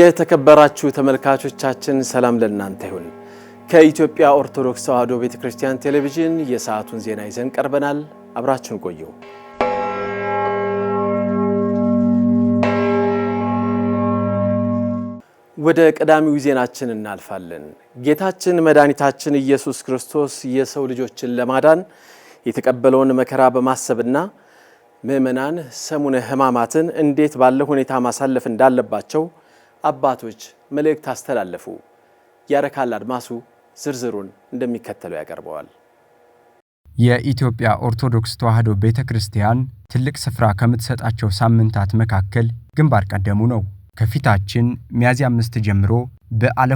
የተከበራችሁ ተመልካቾቻችን ሰላም ለእናንተ ይሁን። ከኢትዮጵያ ኦርቶዶክስ ተዋሕዶ ቤተ ክርስቲያን ቴሌቪዥን የሰዓቱን ዜና ይዘን ቀርበናል። አብራችሁን ቆዩ። ወደ ቀዳሚው ዜናችን እናልፋለን። ጌታችን መድኃኒታችን ኢየሱስ ክርስቶስ የሰው ልጆችን ለማዳን የተቀበለውን መከራ በማሰብና ምዕመናን ሰሙነ ሕማማትን እንዴት ባለ ሁኔታ ማሳለፍ እንዳለባቸው አባቶች መልእክት አስተላለፉ? ያረካል አድማሱ ዝርዝሩን እንደሚከተለው ያቀርበዋል። የኢትዮጵያ ኦርቶዶክስ ተዋሕዶ ቤተ ክርስቲያን ትልቅ ስፍራ ከምትሰጣቸው ሳምንታት መካከል ግንባር ቀደሙ ነው። ከፊታችን ሚያዝያ አምስት ጀምሮ በዓለ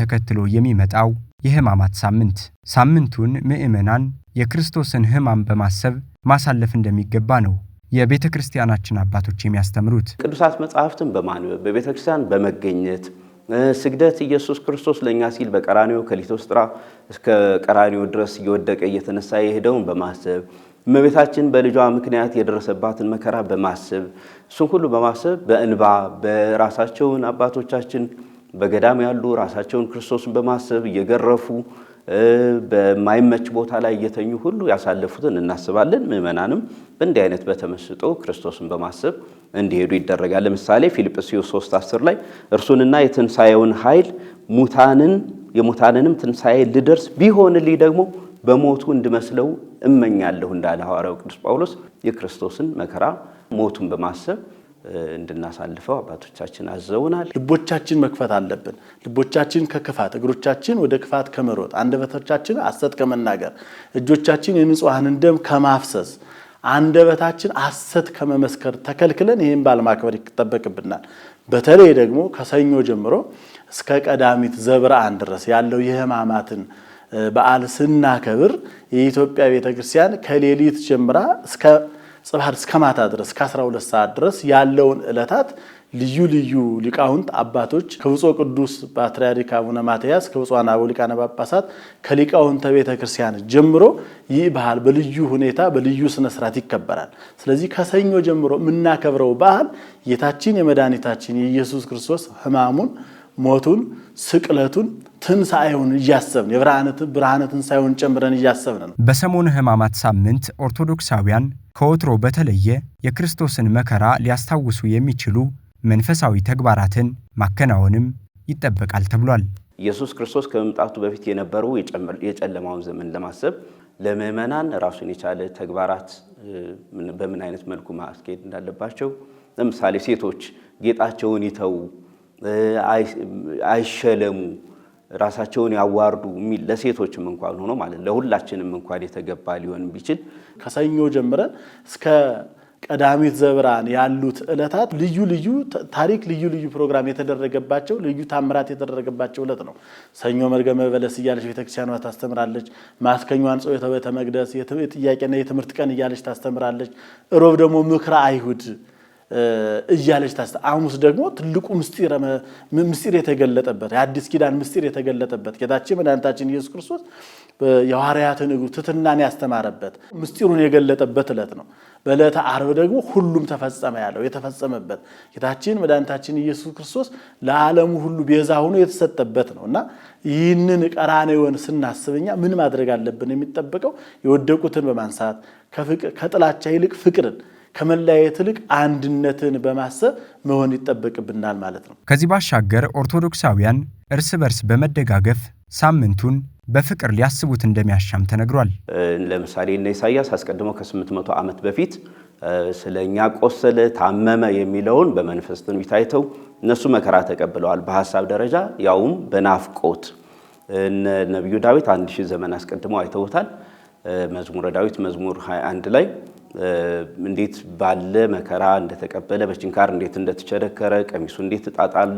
ተከትሎ የሚመጣው የሕማማት ሳምንት። ሳምንቱን ምእመናን የክርስቶስን ሕማም በማሰብ ማሳለፍ እንደሚገባ ነው የቤተ ክርስቲያናችን አባቶች የሚያስተምሩት ቅዱሳት መጽሐፍትን በማንበብ በቤተ ክርስቲያን በመገኘት ስግደት ኢየሱስ ክርስቶስ ለእኛ ሲል በቀራኒዮ ከሊቶስጥራ እስከ ቀራኒዮ ድረስ እየወደቀ እየተነሳ የሄደውን በማሰብ እመቤታችን በልጇ ምክንያት የደረሰባትን መከራ በማሰብ እሱን ሁሉ በማሰብ በእንባ በራሳቸውን አባቶቻችን በገዳም ያሉ ራሳቸውን ክርስቶስን በማሰብ እየገረፉ በማይመች ቦታ ላይ እየተኙ ሁሉ ያሳለፉትን እናስባለን። ምዕመናንም በእንዲህ አይነት በተመስጦ ክርስቶስን በማሰብ እንዲሄዱ ይደረጋል። ለምሳሌ ፊልጵስዩስ 3 10 ላይ እርሱንና የትንሣኤውን ኃይል ሙታንን የሙታንንም ትንሣኤ ልደርስ ቢሆንልኝ ደግሞ በሞቱ እንድመስለው እመኛለሁ እንዳለ ሐዋርያው ቅዱስ ጳውሎስ የክርስቶስን መከራ ሞቱን በማሰብ እንድናሳልፈው አባቶቻችን አዘውናል። ልቦቻችን መክፈት አለብን። ልቦቻችን ከክፋት እግሮቻችን ወደ ክፋት ከመሮጥ አንደበቶቻችን አሰት ከመናገር እጆቻችን የንጹሐንን ደም ከማፍሰስ አንደበታችን አሰት ከመመስከር ተከልክለን ይህን ማክበር ይጠበቅብናል። በተለይ ደግሞ ከሰኞ ጀምሮ እስከ ቀዳሚት ዘብርሃን ድረስ ያለው የሕማማትን በዓል ስናከብር የኢትዮጵያ ቤተክርስቲያን ከሌሊት ጀምራ እስከ ጽባሕ እስከ ማታ ድረስ ከ12 ሰዓት ድረስ ያለውን ዕለታት ልዩ ልዩ ሊቃውንት አባቶች ከብፁዕ ቅዱስ ፓትርያርክ አቡነ ማትያስ ከብፁዓን አበው ሊቃነ ጳጳሳት ከሊቃውንተ ቤተ ክርስቲያን ጀምሮ ይህ ባህል በልዩ ሁኔታ በልዩ ስነ ስርዓት ይከበራል። ስለዚህ ከሰኞ ጀምሮ የምናከብረው ባህል ጌታችን የመድኃኒታችን የኢየሱስ ክርስቶስ ሕማሙን ሞቱን ስቅለቱን ትንሣኤውን እያሰብን የብርሃነ ትንሣኤውን ጨምረን እያሰብን ነው። በሰሞኑ ሕማማት ሳምንት ኦርቶዶክሳውያን ከወትሮ በተለየ የክርስቶስን መከራ ሊያስታውሱ የሚችሉ መንፈሳዊ ተግባራትን ማከናወንም ይጠበቃል ተብሏል። ኢየሱስ ክርስቶስ ከመምጣቱ በፊት የነበሩ የጨለማውን ዘመን ለማሰብ ለምእመናን ራሱን የቻለ ተግባራት በምን አይነት መልኩ ማስኬድ እንዳለባቸው፣ ለምሳሌ ሴቶች ጌጣቸውን ይተዉ፣ አይሸለሙ ራሳቸውን ያዋርዱ የሚል ለሴቶችም እንኳን ሆኖ ማለት ለሁላችንም እንኳን የተገባ ሊሆን ቢችል ከሰኞ ጀምረን እስከ ቀዳሚት ዘብራን ያሉት ዕለታት ልዩ ልዩ ታሪክ፣ ልዩ ልዩ ፕሮግራም የተደረገባቸው ልዩ ታምራት የተደረገባቸው ዕለት ነው። ሰኞ መርገመ በለስ እያለች ቤተክርስቲያኗ ታስተምራለች። ማክሰኞ አንጽሖተ ቤተ መቅደስ የጥያቄና የትምህርት ቀን እያለች ታስተምራለች። እሮብ ደግሞ ምክረ አይሁድ እያለች ታስ ሐሙስ ደግሞ ትልቁ ምስጢር የተገለጠበት የአዲስ ኪዳን ምስጢር የተገለጠበት ጌታችን መድኃኒታችን ኢየሱስ ክርስቶስ የሐዋርያትን እግሩ ትትናን ያስተማረበት ምስጢሩን የገለጠበት ዕለት ነው። በዕለተ ዓርብ ደግሞ ሁሉም ተፈጸመ ያለው የተፈጸመበት ጌታችን መድኃኒታችን ኢየሱስ ክርስቶስ ለዓለሙ ሁሉ ቤዛ ሆኖ የተሰጠበት ነው እና ይህንን ቀራንዮን ስናስብ ምን ማድረግ አለብን? የሚጠበቀው የወደቁትን በማንሳት ከጥላቻ ይልቅ ፍቅርን ከመለያየት ይልቅ አንድነትን በማሰብ መሆን ይጠበቅብናል ማለት ነው። ከዚህ ባሻገር ኦርቶዶክሳውያን እርስ በርስ በመደጋገፍ ሳምንቱን በፍቅር ሊያስቡት እንደሚያሻም ተነግሯል። ለምሳሌ እነ ኢሳያስ አስቀድሞ ከ800 ዓመት በፊት ስለ እኛ ቆሰለ፣ ታመመ የሚለውን በመንፈስ ትንቢት አይተው እነሱ መከራ ተቀብለዋል። በሀሳብ ደረጃ ያውም በናፍቆት ነቢዩ ዳዊት አንድ ሺህ ዘመን አስቀድሞ አይተውታል። መዝሙረ ዳዊት መዝሙር 21 ላይ እንዴት ባለ መከራ እንደተቀበለ በችንካር እንዴት እንደተቸረከረ ቀሚሱ እንዴት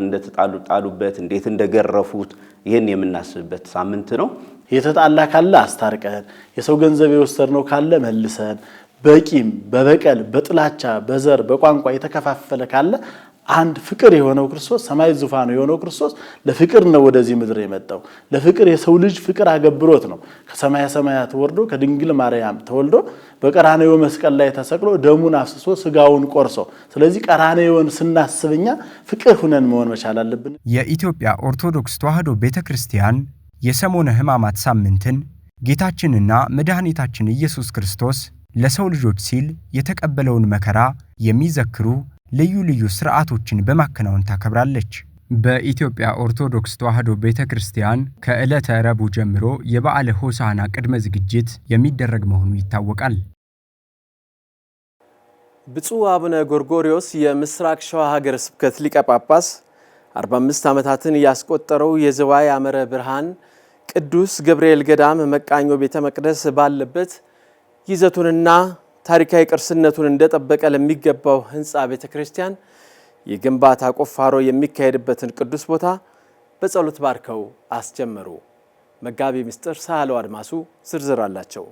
እንደተጣሉበት እንዴት እንደገረፉት ይህን የምናስብበት ሳምንት ነው። የተጣላ ካለ አስታርቀን፣ የሰው ገንዘብ የወሰድ ነው ካለ መልሰን፣ በቂም በበቀል በጥላቻ በዘር በቋንቋ የተከፋፈለ ካለ አንድ ፍቅር የሆነው ክርስቶስ ሰማይ ዙፋኑ የሆነው ክርስቶስ ለፍቅር ነው ወደዚህ ምድር የመጣው። ለፍቅር የሰው ልጅ ፍቅር አገብሮት ነው ከሰማያ ሰማያት ወርዶ ከድንግል ማርያም ተወልዶ በቀራንዮ መስቀል ላይ ተሰቅሎ ደሙን አፍስሶ ስጋውን ቆርሶ። ስለዚህ ቀራንዮን ስናስብኛ ፍቅር ሁነን መሆን መቻል አለብን። የኢትዮጵያ ኦርቶዶክስ ተዋህዶ ቤተ ክርስቲያን የሰሞነ ሕማማት ሳምንትን ጌታችንና መድኃኒታችን ኢየሱስ ክርስቶስ ለሰው ልጆች ሲል የተቀበለውን መከራ የሚዘክሩ ልዩ ልዩ ስርዓቶችን በማከናወን ታከብራለች። በኢትዮጵያ ኦርቶዶክስ ተዋሕዶ ቤተ ክርስቲያን ከዕለተ ረቡዕ ጀምሮ የበዓለ ሆሳዕና ቅድመ ዝግጅት የሚደረግ መሆኑ ይታወቃል። ብፁዕ አቡነ ጎርጎሪዮስ የምስራቅ ሸዋ ሀገረ ስብከት ሊቀ ጳጳስ 45 ዓመታትን ያስቆጠረው የዝዋይ አመረ ብርሃን ቅዱስ ገብርኤል ገዳም መቃኞ ቤተ መቅደስ ባለበት ይዘቱንና ታሪካዊ ቅርስነቱን እንደጠበቀ ለሚገባው ህንፃ ቤተ ክርስቲያን የግንባታ ቁፋሮ የሚካሄድበትን ቅዱስ ቦታ በጸሎት ባርከው አስጀመሩ። መጋቢ ምስጢር ሳህለው አድማሱ ዝርዝር አላቸው።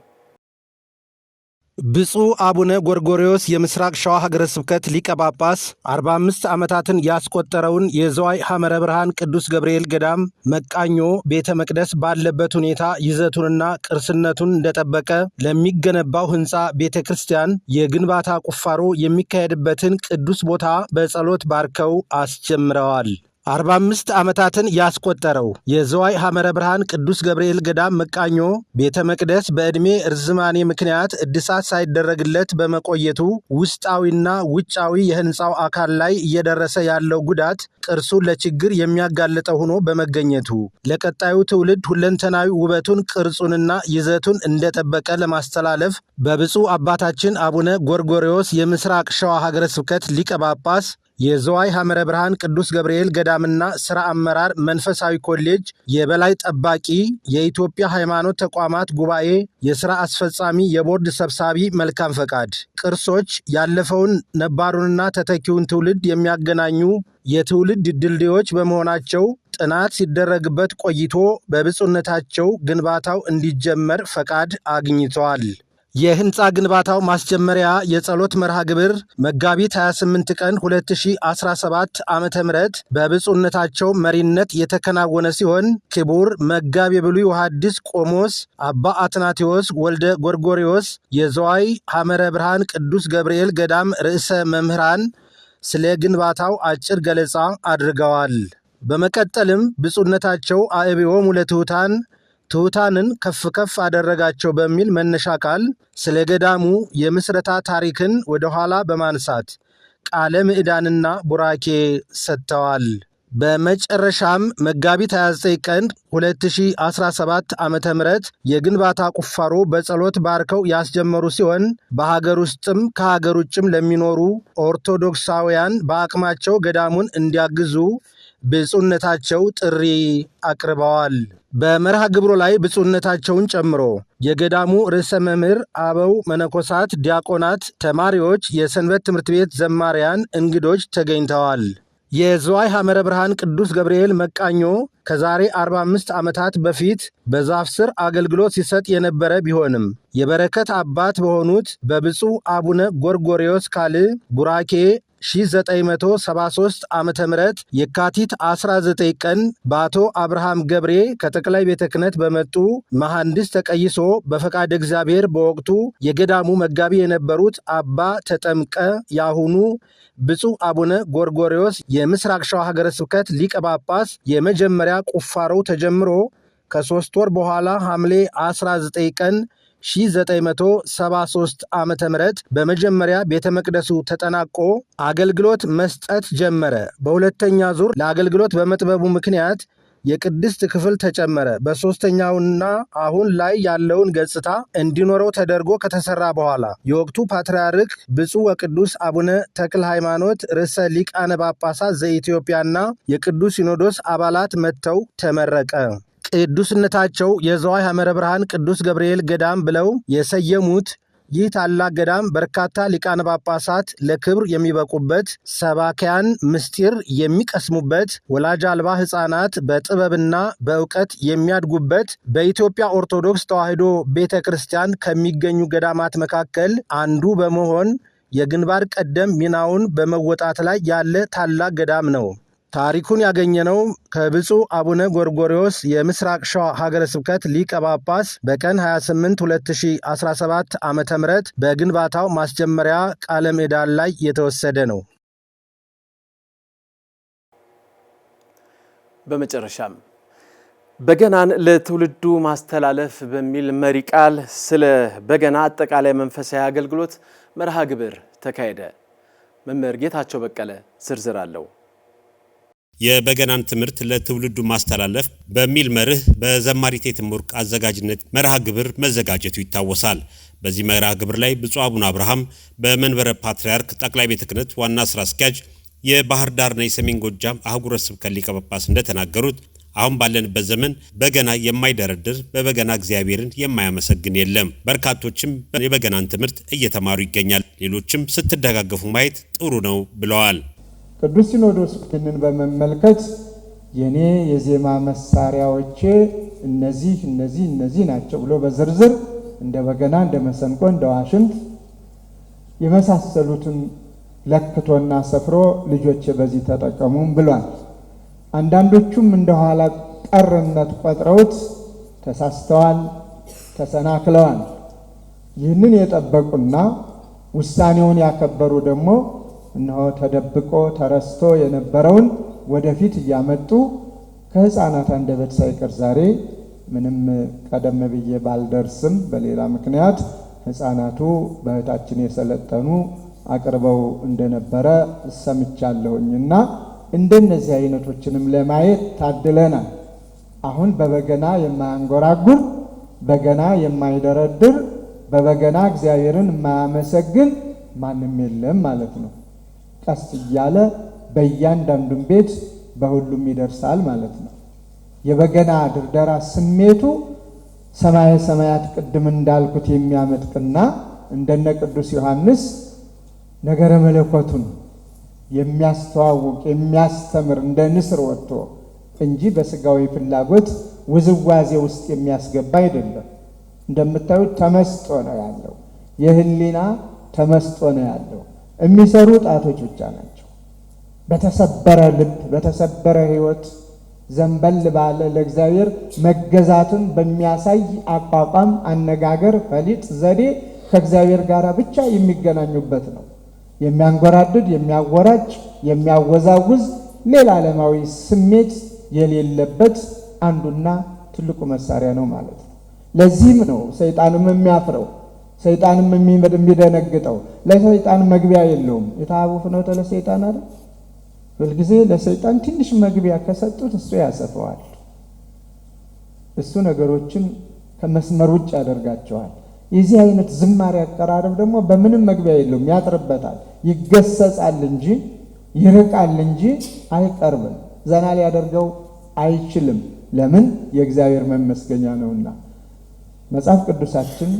ብፁዕ አቡነ ጎርጎሪዎስ የምስራቅ ሸዋ ሀገረ ስብከት ሊቀ ጳጳስ 45 ዓመታትን ያስቆጠረውን የዘዋይ ሐመረ ብርሃን ቅዱስ ገብርኤል ገዳም መቃኞ ቤተ መቅደስ ባለበት ሁኔታ ይዘቱንና ቅርስነቱን እንደጠበቀ ለሚገነባው ሕንፃ ቤተ ክርስቲያን የግንባታ ቁፋሮ የሚካሄድበትን ቅዱስ ቦታ በጸሎት ባርከው አስጀምረዋል። 45 ዓመታትን ያስቆጠረው የዘዋይ ሐመረ ብርሃን ቅዱስ ገብርኤል ገዳም መቃኞ ቤተ መቅደስ በዕድሜ እርዝማኔ ምክንያት እድሳት ሳይደረግለት በመቆየቱ ውስጣዊና ውጫዊ የህንፃው አካል ላይ እየደረሰ ያለው ጉዳት ቅርሱን ለችግር የሚያጋልጠው ሆኖ በመገኘቱ ለቀጣዩ ትውልድ ሁለንተናዊ ውበቱን ቅርጹንና ይዘቱን እንደጠበቀ ለማስተላለፍ በብፁዕ አባታችን አቡነ ጎርጎሪዎስ የምስራቅ ሸዋ ሀገረ ስብከት ሊቀ ጳጳስ የዘዋይ ሐመረ ብርሃን ቅዱስ ገብርኤል ገዳምና ሥራ አመራር መንፈሳዊ ኮሌጅ የበላይ ጠባቂ፣ የኢትዮጵያ ሃይማኖት ተቋማት ጉባኤ የሥራ አስፈጻሚ የቦርድ ሰብሳቢ መልካም ፈቃድ ቅርሶች ያለፈውን ነባሩንና ተተኪውን ትውልድ የሚያገናኙ የትውልድ ድልድዮች በመሆናቸው ጥናት ሲደረግበት ቆይቶ በብፁዕነታቸው ግንባታው እንዲጀመር ፈቃድ አግኝተዋል። የህንፃ ግንባታው ማስጀመሪያ የጸሎት መርሃ ግብር መጋቢት 28 ቀን 2017 ዓ ም በብፁዕነታቸው መሪነት የተከናወነ ሲሆን ክቡር መጋብ ብሉይ ወሐዲስ ቆሞስ አባ አትናቴዎስ ወልደ ጎርጎሪዎስ የዘዋይ ሐመረ ብርሃን ቅዱስ ገብርኤል ገዳም ርዕሰ መምህራን ስለ ግንባታው አጭር ገለጻ አድርገዋል። በመቀጠልም ብፁዕነታቸው አዕብዮ ሙለትሑታን ትሑታንን ከፍ ከፍ አደረጋቸው በሚል መነሻ ቃል ስለ ገዳሙ የምስረታ ታሪክን ወደኋላ በማንሳት ቃለ ምዕዳንና ቡራኬ ሰጥተዋል። በመጨረሻም መጋቢት 29 ቀን 2017 ዓ ም የግንባታ ቁፋሮ በጸሎት ባርከው ያስጀመሩ ሲሆን በሀገር ውስጥም ከሀገር ውጭም ለሚኖሩ ኦርቶዶክሳውያን በአቅማቸው ገዳሙን እንዲያግዙ ብፁዕነታቸው ጥሪ አቅርበዋል። በመርሃ ግብሩ ላይ ብፁዕነታቸውን ጨምሮ የገዳሙ ርዕሰ መምህር፣ አበው መነኮሳት፣ ዲያቆናት፣ ተማሪዎች፣ የሰንበት ትምህርት ቤት ዘማሪያን፣ እንግዶች ተገኝተዋል። የዝዋይ ሐመረ ብርሃን ቅዱስ ገብርኤል መቃኞ ከዛሬ 45 ዓመታት በፊት በዛፍ ስር አገልግሎት ሲሰጥ የነበረ ቢሆንም የበረከት አባት በሆኑት በብፁዕ አቡነ ጎርጎሪዎስ ካል ቡራኬ 1973 ዓ ም የካቲት 19 ቀን በአቶ አብርሃም ገብሬ ከጠቅላይ ቤተ ክህነት በመጡ መሐንዲስ ተቀይሶ በፈቃድ እግዚአብሔር በወቅቱ የገዳሙ መጋቢ የነበሩት አባ ተጠምቀ ያሁኑ ብፁዕ አቡነ ጎርጎሪዎስ የምስራቅ ሸዋ ሀገረ ስብከት ሊቀ ጳጳስ የመጀመሪያ ቁፋሮ ተጀምሮ ከሶስት ወር በኋላ ሐምሌ 19 ቀን 1973 ዓ ም በመጀመሪያ ቤተ መቅደሱ ተጠናቆ አገልግሎት መስጠት ጀመረ። በሁለተኛ ዙር ለአገልግሎት በመጥበቡ ምክንያት የቅድስት ክፍል ተጨመረ። በሦስተኛውና አሁን ላይ ያለውን ገጽታ እንዲኖረው ተደርጎ ከተሰራ በኋላ የወቅቱ ፓትርያርክ ብፁዕ ወቅዱስ አቡነ ተክለ ሃይማኖት ርዕሰ ሊቃነ ጳጳሳት ዘኢትዮጵያና የቅዱስ ሲኖዶስ አባላት መጥተው ተመረቀ። ቅዱስነታቸው የዘዋይ ሐመረ ብርሃን ቅዱስ ገብርኤል ገዳም ብለው የሰየሙት ይህ ታላቅ ገዳም በርካታ ሊቃነ ጳጳሳት ለክብር የሚበቁበት፣ ሰባኪያን ምስጢር የሚቀስሙበት፣ ወላጅ አልባ ሕፃናት በጥበብና በእውቀት የሚያድጉበት፣ በኢትዮጵያ ኦርቶዶክስ ተዋሕዶ ቤተ ክርስቲያን ከሚገኙ ገዳማት መካከል አንዱ በመሆን የግንባር ቀደም ሚናውን በመወጣት ላይ ያለ ታላቅ ገዳም ነው። ታሪኩን ያገኘነው ከብፁዕ አቡነ ጎርጎሪዎስ የምስራቅ ሸዋ ሀገረ ስብከት ሊቀ ጳጳስ በቀን 28 2017 ዓ ም በግንባታው ማስጀመሪያ ቃለ ምዕዳን ላይ የተወሰደ ነው። በመጨረሻም በገናን ለትውልዱ ማስተላለፍ በሚል መሪ ቃል ስለ በገና አጠቃላይ መንፈሳዊ አገልግሎት መርሃ ግብር ተካሄደ። መምህር ጌታቸው በቀለ ዝርዝር አለው። የበገናን ትምህርት ለትውልዱ ማስተላለፍ በሚል መርህ በዘማሪ እቴትም አዘጋጅነት መርሃ ግብር መዘጋጀቱ ይታወሳል። በዚህ መርሃ ግብር ላይ ብፁዕ አቡነ አብርሃም በመንበረ ፓትርያርክ ጠቅላይ ቤተ ክህነት ዋና ስራ አስኪያጅ የባህር ዳርና የሰሜን ጎጃም አህጉረ ስብከት ሊቀ ጳጳስ እንደተናገሩት አሁን ባለንበት ዘመን በገና የማይደረድር በበገና እግዚአብሔርን የማያመሰግን የለም። በርካቶችም የበገናን ትምህርት እየተማሩ ይገኛል። ሌሎችም ስትደጋገፉ ማየት ጥሩ ነው ብለዋል። ቅዱስ ሲኖዶስ ይህንን በመመልከት የኔ የዜማ መሳሪያዎቼ እነዚህ እነዚህ እነዚህ ናቸው ብሎ በዝርዝር እንደ በገና፣ እንደ መሰንቆ፣ እንደ ዋሽንት የመሳሰሉትን ለክቶና ሰፍሮ ልጆቼ በዚህ ተጠቀሙም ብሏል። አንዳንዶቹም እንደኋላ ቀርነት ቆጥረውት ተሳስተዋል፣ ተሰናክለዋል። ይህንን የጠበቁና ውሳኔውን ያከበሩ ደግሞ እነሆ ተደብቆ ተረስቶ የነበረውን ወደፊት እያመጡ ከህፃናት አንደበት ሳይቀር ዛሬ ምንም ቀደም ብዬ ባልደርስም በሌላ ምክንያት ህፃናቱ በእህታችን የሰለጠኑ አቅርበው እንደነበረ ሰምቻለሁኝና እንደነዚህ አይነቶችንም ለማየት ታድለናል። አሁን በበገና የማያንጎራጉር በገና የማይደረድር በበገና እግዚአብሔርን የማያመሰግን ማንም የለም ማለት ነው። ቀስ እያለ በእያንዳንዱን ቤት በሁሉም ይደርሳል ማለት ነው። የበገና ድርደራ ስሜቱ ሰማየ ሰማያት ቅድም እንዳልኩት የሚያመጥቅና እንደነ ቅዱስ ዮሐንስ ነገረ መለኮቱን የሚያስተዋውቅ የሚያስተምር እንደ ንስር ወጥቶ እንጂ በስጋዊ ፍላጎት ውዝዋዜ ውስጥ የሚያስገባ አይደለም። እንደምታዩት ተመስጦ ነው ያለው። የህሊና ተመስጦ ነው ያለው። የሚሰሩ ጣቶች ብቻ ናቸው። በተሰበረ ልብ፣ በተሰበረ ህይወት ዘንበል ባለ ለእግዚአብሔር መገዛትን በሚያሳይ አቋቋም፣ አነጋገር፣ ፈሊጥ ዘዴ ከእግዚአብሔር ጋር ብቻ የሚገናኙበት ነው። የሚያንጎራድድ፣ የሚያወራጭ፣ የሚያወዛውዝ ሌላ ዓለማዊ ስሜት የሌለበት አንዱና ትልቁ መሳሪያ ነው ማለት ነው። ለዚህም ነው ሰይጣንም የሚያፍረው ሰይጣንም የሚደነግጠው ለሰይጣን መግቢያ የለውም። የተሀቡ ፍኖተ ለሰይጣን አለ። ሁልጊዜ ለሰይጣን ትንሽ መግቢያ ከሰጡት እሱ ያሰፈዋል። እሱ ነገሮችን ከመስመር ውጭ ያደርጋቸዋል። የዚህ አይነት ዝማሬ አቀራረብ ደግሞ በምንም መግቢያ የለውም። ያጥርበታል፣ ይገሰጻል እንጂ ይርቃል እንጂ አይቀርብም። ዘና ሊያደርገው አይችልም። ለምን? የእግዚአብሔር መመስገኛ ነውና መጽሐፍ ቅዱሳችን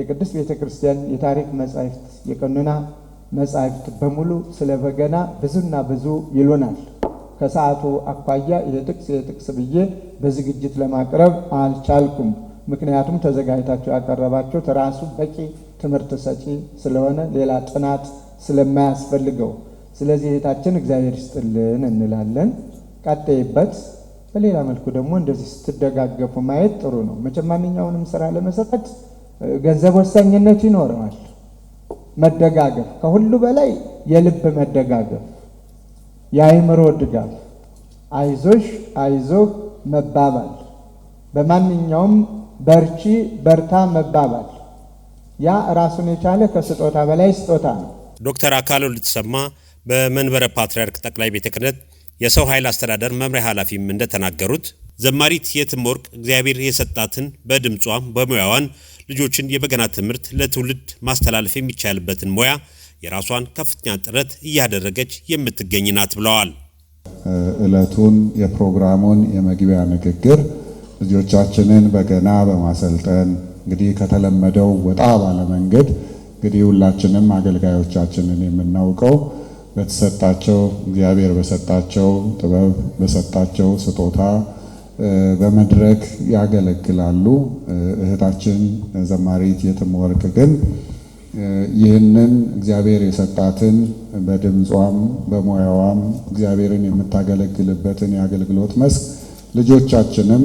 የቅዱስ ቤተ ክርስቲያን የታሪክ መጻሕፍት፣ የቀኖና መጻሕፍት በሙሉ ስለ በገና ብዙና ብዙ ይሉናል። ከሰዓቱ አኳያ የጥቅስ የጥቅስ ብዬ በዝግጅት ለማቅረብ አልቻልኩም። ምክንያቱም ተዘጋጅታችሁ ያቀረባችሁት ራሱ በቂ ትምህርት ሰጪ ስለሆነ ሌላ ጥናት ስለማያስፈልገው፣ ስለዚህ እህታችን እግዚአብሔር ይስጥልን እንላለን። ቀጠይበት በሌላ መልኩ ደግሞ እንደዚህ ስትደጋገፉ ማየት ጥሩ ነው። መቼም ማንኛውንም ስራ ለመስራት ገንዘብ ወሳኝነት ይኖረዋል። መደጋገፍ፣ ከሁሉ በላይ የልብ መደጋገፍ፣ የአእምሮ ድጋፍ፣ አይዞሽ አይዞህ መባባል፣ በማንኛውም በርቺ በርታ መባባል፣ ያ ራሱን የቻለ ከስጦታ በላይ ስጦታ ነው። ዶክተር አካሉ ልትሰማ በመንበረ ፓትርያርክ ጠቅላይ ቤተ ክህነት የሰው ኃይል አስተዳደር መምሪያ ኃላፊም እንደተናገሩት ዘማሪት የትም ወርቅ እግዚአብሔር የሰጣትን በድምጿም በሙያዋን ልጆችን የበገና ትምህርት ለትውልድ ማስተላለፍ የሚቻልበትን ሙያ የራሷን ከፍተኛ ጥረት እያደረገች የምትገኝ ናት ብለዋል። እለቱን የፕሮግራሙን የመግቢያ ንግግር ልጆቻችንን በገና በማሰልጠን እንግዲህ ከተለመደው ወጣ ባለመንገድ እንግዲህ ሁላችንም አገልጋዮቻችንን የምናውቀው በተሰጣቸው እግዚአብሔር በሰጣቸው ጥበብ በሰጣቸው ስጦታ በመድረክ ያገለግላሉ። እህታችን ዘማሪት የትምወርቅ ግን ይህንን እግዚአብሔር የሰጣትን በድምጿም በሙያዋም እግዚአብሔርን የምታገለግልበትን የአገልግሎት መስክ ልጆቻችንም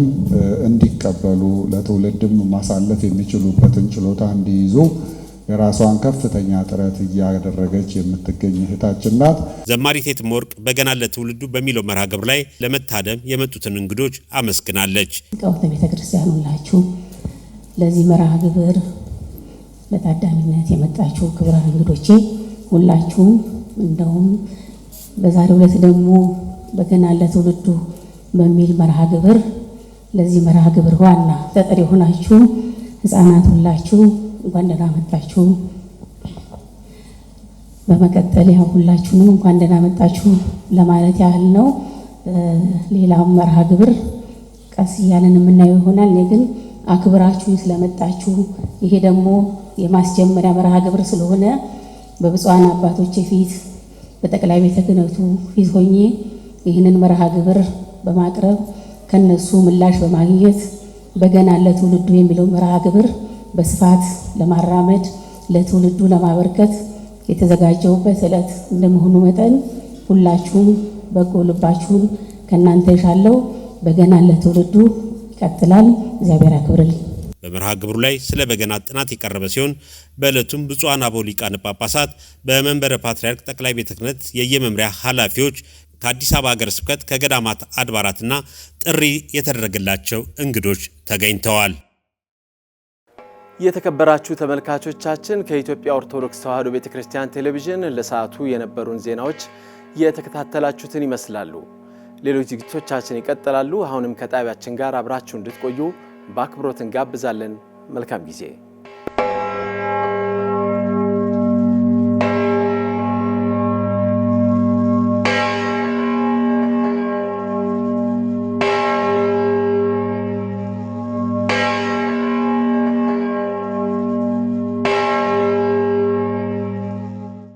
እንዲቀበሉ ለትውልድም ማሳለፍ የሚችሉበትን ችሎታ እንዲይዙ የራሷን ከፍተኛ ጥረት እያደረገች የምትገኝ እህታችን ናት። ዘማሪት የትምወርቅ በገና ለትውልዱ በሚለው መርሃ ግብር ላይ ለመታደም የመጡትን እንግዶች አመስግናለች። ሊቃውንተ ቤተ ክርስቲያን ሁላችሁ ለዚህ መርሃ ግብር በታዳሚነት የመጣችሁ ክቡራን እንግዶቼ ሁላችሁም፣ እንደውም በዛሬ ዕለት ደግሞ በገና ለትውልዱ በሚል መርሃ ግብር ለዚህ መርሃ ግብር ዋና ተጠሪ የሆናችሁ ህጻናት ሁላችሁ እንኳን ደህና መጣችሁ። በመቀጠል ያው ሁላችሁንም እንኳን ደህና መጣችሁ ለማለት ያህል ነው። ሌላም መርሃ ግብር ቀስ እያለን የምናየው ይሆናል። እኔ ግን አክብራችሁ ስለመጣችሁ ይሄ ደግሞ የማስጀመሪያ መርሃ ግብር ስለሆነ በብፁዓን አባቶች ፊት በጠቅላይ ቤተ ክህነቱ ፊት ሆኜ ይህንን መርሃ ግብር በማቅረብ ከነሱ ምላሽ በማግኘት በገና ለትውልዱ የሚለው መርሃ ግብር በስፋት ለማራመድ ለትውልዱ ለማበርከት የተዘጋጀውበት ዕለት እንደመሆኑ መጠን ሁላችሁም በጎ ልባችሁን ከእናንተ ይሻለው። በገና ለትውልዱ ይቀጥላል። እግዚአብሔር ያክብርልን። በመርሃ ግብሩ ላይ ስለ በገና ጥናት የቀረበ ሲሆን በዕለቱም ብፁዓን አበው ሊቃነ ጳጳሳት በመንበረ ፓትርያርክ ጠቅላይ ቤተ ክህነት የየመምሪያ ኃላፊዎች ከአዲስ አበባ ሀገረ ስብከት ከገዳማት አድባራትና ጥሪ የተደረገላቸው እንግዶች ተገኝተዋል። የተከበራችሁ ተመልካቾቻችን ከኢትዮጵያ ኦርቶዶክስ ተዋሕዶ ቤተ ክርስቲያን ቴሌቪዥን ለሰዓቱ የነበሩን ዜናዎች የተከታተላችሁትን ይመስላሉ። ሌሎች ዝግጅቶቻችን ይቀጥላሉ። አሁንም ከጣቢያችን ጋር አብራችሁ እንድትቆዩ በአክብሮት እንጋብዛለን። መልካም ጊዜ